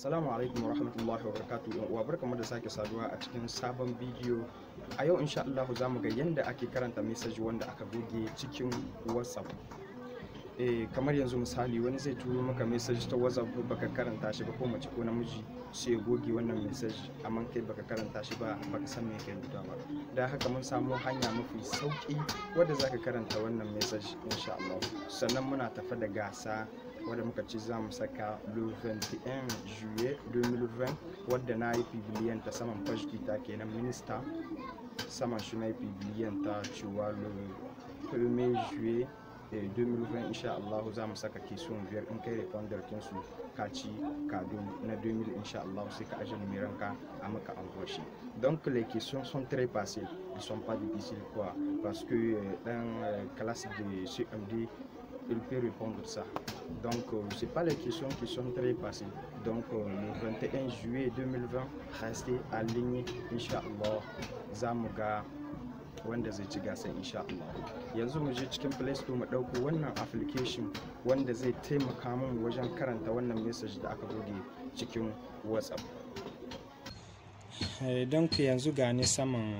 Assalamu alaikum warahmatullahi wabarakatuh wa barkamu da sake saduwa a cikin sabon bidiyo. A yau insha Allah za mu ga yadda ake karanta message wanda aka goge cikin WhatsApp. Eh kamar yanzu misali wani zai turo maka message ta WhatsApp baka karanta shi ba ko mace ko namiji sai goge wannan message amma kai baka karanta shi ba baka san me yake rubuta ba. Da haka mun samu hanya mafi sauki wadda zaka karanta wannan message insha Allah. Sannan muna tafa da gasa voilà muka ci za mu le 21 juillet 2020 wadda na yi ta saman fashkita kenan minista sama shi na yi ta cewa le 1er juillet 2020 insha Allah za mu saka kisun biyar in kai refundar kinsu ka ci kado na 2000 insha Allah sai ka aje numeran ka a maka angoshi donc les questions sont très faciles ils sont pas difficiles quoi parce que dans eh, euh, classe de CMD il peut répondre ça donc, euh, c'est pas les questions qui sont très passées. Donc, euh, le 21 juillet 2020, restez alignés, Inch'Allah. Zamuga. wanda zai ci yanzu je cikin Play Store application wanda zai taimaka min wajen karanta wannan message da aka goge WhatsApp. Eh, yanzu saman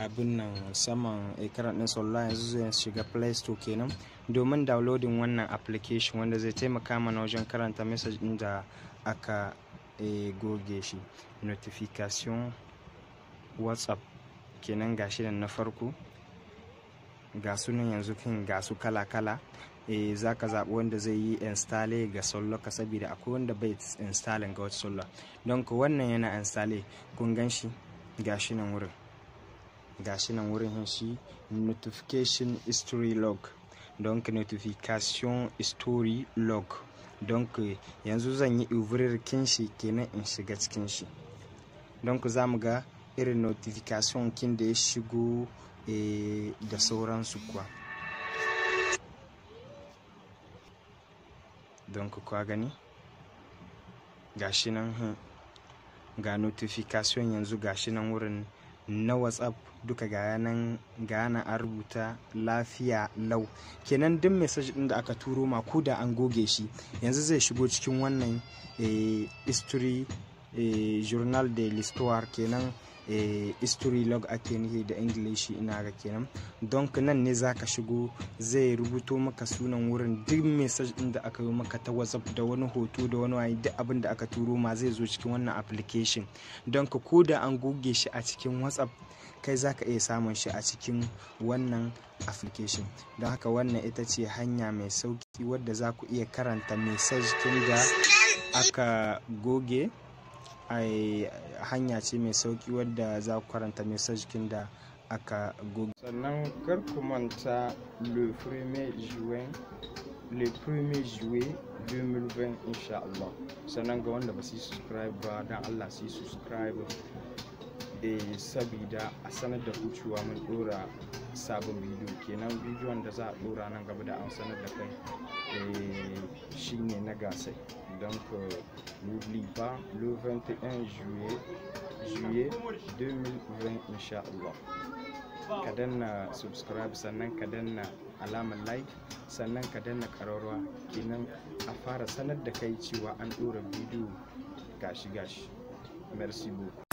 abin nan saman ekran din sallah yanzu zai shiga play store kenan domin downloading wannan application wanda zai taimaka mana wajen karanta message din da aka e, goge shi notification whatsapp kenan gashi nan na farko ga sunan yanzu kan ga su kala-kala e, za ka wanda zai yi installe ga ka saboda akwai wanda bai installing ga wata solar don ku wannan yana installe kun ganshi, shi nan wurin gashi nan wurin shi notification history log donc notification history log donc yanzu zan yi kinshi ke kenan in shiga cikin shi donc za mu ga irin notification kin da ya shigo eh, da sauransu kuwa donc kwa gani gashi nan hmm. ga notification yanzu gashi nan wurin na whatsapp duka ga yanan a rubuta lafiya lau kenan duk message din da aka turo ma ko da an goge shi yanzu zai shigo cikin wannan eh, history eh, journal de l'histoire kenan Eh, history log ake da ingilishi ina ga kenan don nan ne za ka shigo zai rubuto maka sunan wurin duk message din da aka yi maka ta whatsapp da wani hoto da wani wani duk abin da aka turo ma zai zo cikin wannan application don ka ko da an goge shi a cikin whatsapp kai za ka iya samun shi a cikin wannan application don haka wannan ita ce hanya mai sauki wadda za ku iya karanta message kin da aka goge hanya ce mai sauki wadda za ku karanta message kin da aka google sannan kar ku manta le premier juin le premier 2020 insha Allah sannan ga wanda ba su yi subscribe ba don Allah su yi subscribe da eh, sabida a sanar da kucewa mun dora sabon bidiyo kenan bidiyon da za a dora nan gaba da an sanar da kai eh, shine na gasai donc euh, n'oublie pas le 21 juillet juillet 2020 insha Allah ka subscribe sannan ka danna euh, like sannan ka danna euh, kararwa afara a fara sanar da kai cewa an gashi gashi merci beaucoup